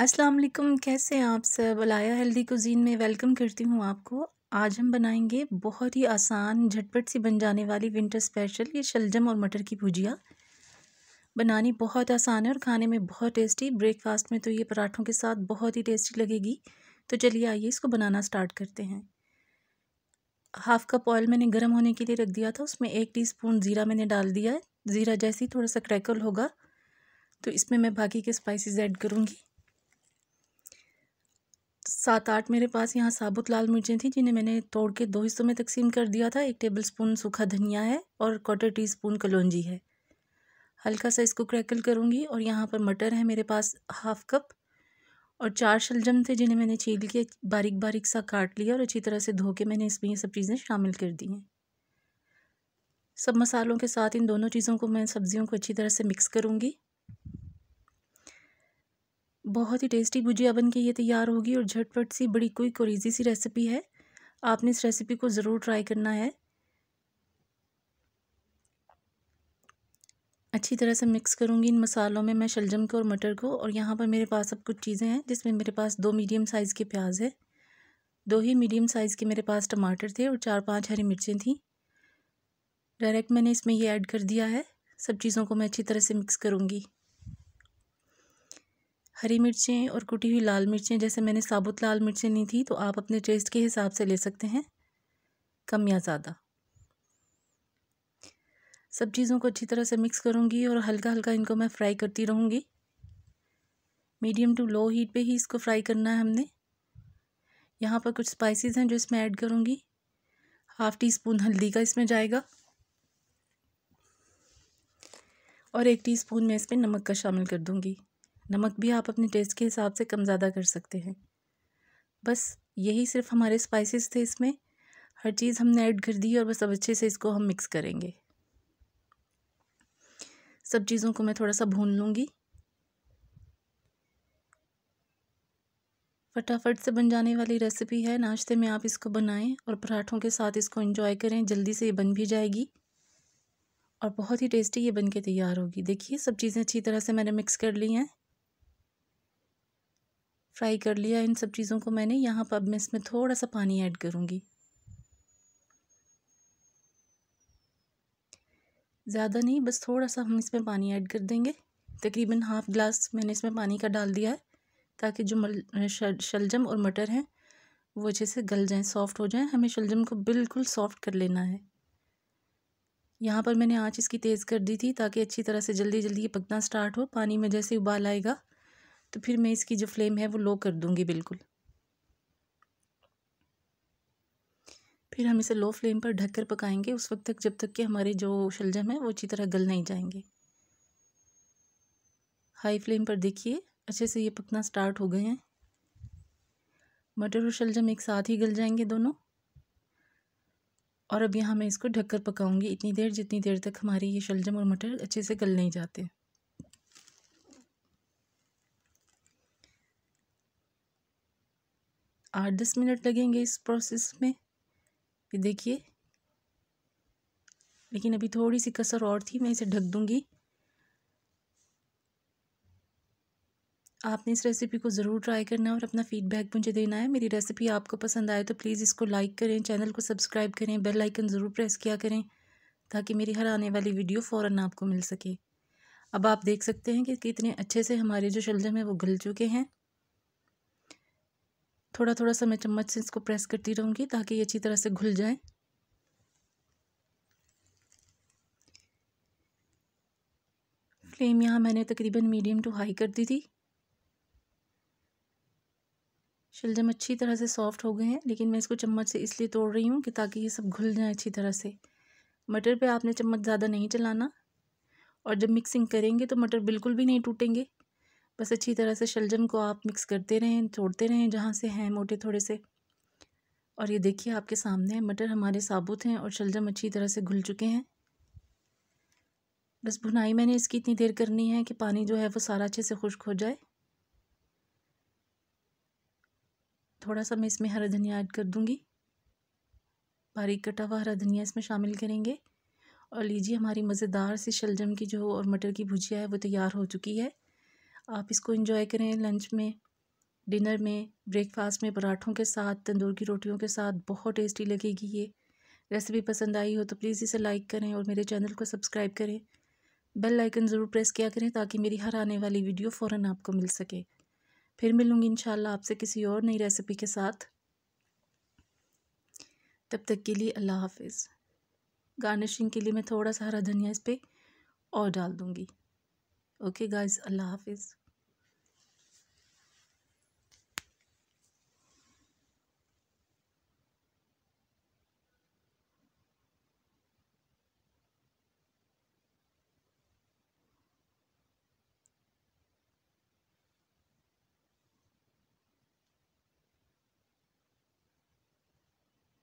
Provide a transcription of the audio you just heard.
अस्सलाम वालेकुम कैसे हैं आप सब अलाया हेल्दी कुजीन में वेलकम करती हूँ आपको आज हम बनाएंगे बहुत ही आसान झटपट सी बन जाने वाली विंटर स्पेशल ये शलजम और मटर की भुजिया बनानी बहुत आसान है और खाने में बहुत टेस्टी ब्रेकफास्ट में तो ये पराठों के साथ बहुत ही टेस्टी लगेगी तो चलिए आइए इसको बनाना स्टार्ट करते हैं हाफ़ कप ऑयल मैंने गर्म होने के लिए रख दिया था उसमें एक स्पून ज़ीरा मैंने डाल दिया है ज़ीरा जैसे ही थोड़ा सा क्रैकल होगा तो इसमें मैं बाकी के स्पाइसिस ऐड करूँगी सात आठ मेरे पास यहाँ साबुत लाल मिर्चें थी जिन्हें मैंने तोड़ के दो हिस्सों में तकसीम कर दिया था एक टेबल स्पून सूखा धनिया है और क्वार्टर टी स्पून कलौजी है हल्का सा इसको क्रैकल करूँगी और यहाँ पर मटर है मेरे पास हाफ़ कप और चार शलजम थे जिन्हें मैंने छील के बारीक बारीक सा काट लिया और अच्छी तरह से धो के मैंने इसमें ये सब चीज़ें शामिल कर दी हैं सब मसालों के साथ इन दोनों चीज़ों को मैं सब्ज़ियों को अच्छी तरह से मिक्स करूँगी बहुत ही टेस्टी भुजिया बन के ये तैयार होगी और झटपट सी बड़ी क्विक और ईजी सी रेसिपी है आपने इस रेसिपी को ज़रूर ट्राई करना है अच्छी तरह से मिक्स करूँगी इन मसालों में मैं शलजम को और मटर को और यहाँ पर मेरे पास अब कुछ चीज़ें हैं जिसमें मेरे पास दो मीडियम साइज़ के प्याज है दो ही मीडियम साइज़ के मेरे पास टमाटर थे और चार पांच हरी मिर्चें थीं डायरेक्ट मैंने इसमें ये ऐड कर दिया है सब चीज़ों को मैं अच्छी तरह से मिक्स करूँगी हरी मिर्चें और कुटी हुई लाल मिर्चें जैसे मैंने साबुत लाल मिर्चें ली थी तो आप अपने टेस्ट के हिसाब से ले सकते हैं कम या ज़्यादा सब चीज़ों को अच्छी तरह से मिक्स करूँगी और हल्का हल्का इनको मैं फ्राई करती रहूँगी मीडियम टू लो हीट पे ही इसको फ्राई करना है हमने यहाँ पर कुछ स्पाइसेस हैं जो इसमें ऐड करूँगी हाफ़ टी स्पून हल्दी का इसमें जाएगा और एक टीस्पून मैं इसमें नमक का शामिल कर दूँगी नमक भी आप अपने टेस्ट के हिसाब से कम ज़्यादा कर सकते हैं बस यही सिर्फ हमारे स्पाइसेस थे इसमें हर चीज़ हमने ऐड कर दी और बस अब अच्छे से इसको हम मिक्स करेंगे सब चीज़ों को मैं थोड़ा सा भून लूँगी फटाफट से बन जाने वाली रेसिपी है नाश्ते में आप इसको बनाएं और पराठों के साथ इसको एंजॉय करें जल्दी से ये बन भी जाएगी और बहुत ही टेस्टी ये बन के तैयार होगी देखिए सब चीज़ें अच्छी तरह से मैंने मिक्स कर ली हैं फ्राई कर लिया इन सब चीज़ों को मैंने यहाँ पर अब मैं इसमें थोड़ा सा पानी ऐड करूँगी ज़्यादा नहीं बस थोड़ा सा हम इसमें पानी ऐड कर देंगे तकरीबन हाफ़ ग्लास मैंने इसमें पानी का डाल दिया है ताकि जो मल शलजम और मटर हैं वो अच्छे से गल जाएं सॉफ़्ट हो जाएं हमें शलजम को बिल्कुल सॉफ़्ट कर लेना है यहाँ पर मैंने आँच इसकी तेज़ कर दी थी ताकि अच्छी तरह से जल्दी जल्दी ये पकना स्टार्ट हो पानी में जैसे उबाल आएगा तो फिर मैं इसकी जो फ्लेम है वो लो कर दूँगी बिल्कुल फिर हम इसे लो फ्लेम पर ढककर पकाएंगे उस वक्त तक जब तक कि हमारे जो शलजम है वो अच्छी तरह गल नहीं जाएंगे हाई फ्लेम पर देखिए अच्छे से ये पकना स्टार्ट हो गए हैं मटर और शलजम एक साथ ही गल जाएंगे दोनों और अब यहाँ मैं इसको ढककर पकाऊंगी इतनी देर जितनी देर तक हमारी ये शलजम और मटर अच्छे से गल नहीं जाते आठ दस मिनट लगेंगे इस प्रोसेस में ये देखिए लेकिन अभी थोड़ी सी कसर और थी मैं इसे ढक दूँगी आपने इस रेसिपी को ज़रूर ट्राई करना है और अपना फीडबैक मुझे देना है मेरी रेसिपी आपको पसंद आए तो प्लीज़ इसको लाइक करें चैनल को सब्सक्राइब करें बेल आइकन ज़रूर प्रेस किया करें ताकि मेरी हर आने वाली वीडियो फ़ौर आपको मिल सके अब आप देख सकते हैं कि कितने अच्छे से हमारे जो शलजम है वो गल चुके हैं थोड़ा थोड़ा सा मैं चम्मच से इसको प्रेस करती रहूँगी ताकि ये अच्छी तरह से घुल जाए फ्लेम यहाँ मैंने तकरीबन मीडियम टू हाई कर दी थी शलजम अच्छी तरह से सॉफ्ट हो गए हैं लेकिन मैं इसको चम्मच से इसलिए तोड़ रही हूँ कि ताकि ये सब घुल जाए अच्छी तरह से मटर पे आपने चम्मच ज़्यादा नहीं चलाना और जब मिक्सिंग करेंगे तो मटर बिल्कुल भी नहीं टूटेंगे बस अच्छी तरह से शलजम को आप मिक्स करते रहें छोड़ते रहें जहाँ से हैं मोटे थोड़े से और ये देखिए आपके सामने मटर हमारे साबुत हैं और शलजम अच्छी तरह से घुल चुके हैं बस भुनाई मैंने इसकी इतनी देर करनी है कि पानी जो है वो सारा अच्छे से खुश्क हो जाए थोड़ा सा मैं इसमें हरा धनिया ऐड कर दूँगी बारीक कटा हुआ हरा धनिया इसमें शामिल करेंगे और लीजिए हमारी मज़ेदार सी शलजम की जो और मटर की भुजिया है वो तैयार हो चुकी है आप इसको इंजॉय करें लंच में डिनर में ब्रेकफास्ट में पराठों के साथ तंदूर की रोटियों के साथ बहुत टेस्टी लगेगी ये रेसिपी पसंद आई हो तो प्लीज़ इसे लाइक करें और मेरे चैनल को सब्सक्राइब करें बेल आइकन ज़रूर प्रेस किया करें ताकि मेरी हर आने वाली वीडियो फ़ौर आपको मिल सके फिर मिलूँगी इन आपसे किसी और नई रेसिपी के साथ तब तक के लिए अल्लाह हाफिज़ गार्निशिंग के लिए मैं थोड़ा सा हरा धनिया इस पर और डाल दूँगी ओके गाइज अल्लाह हाफिज़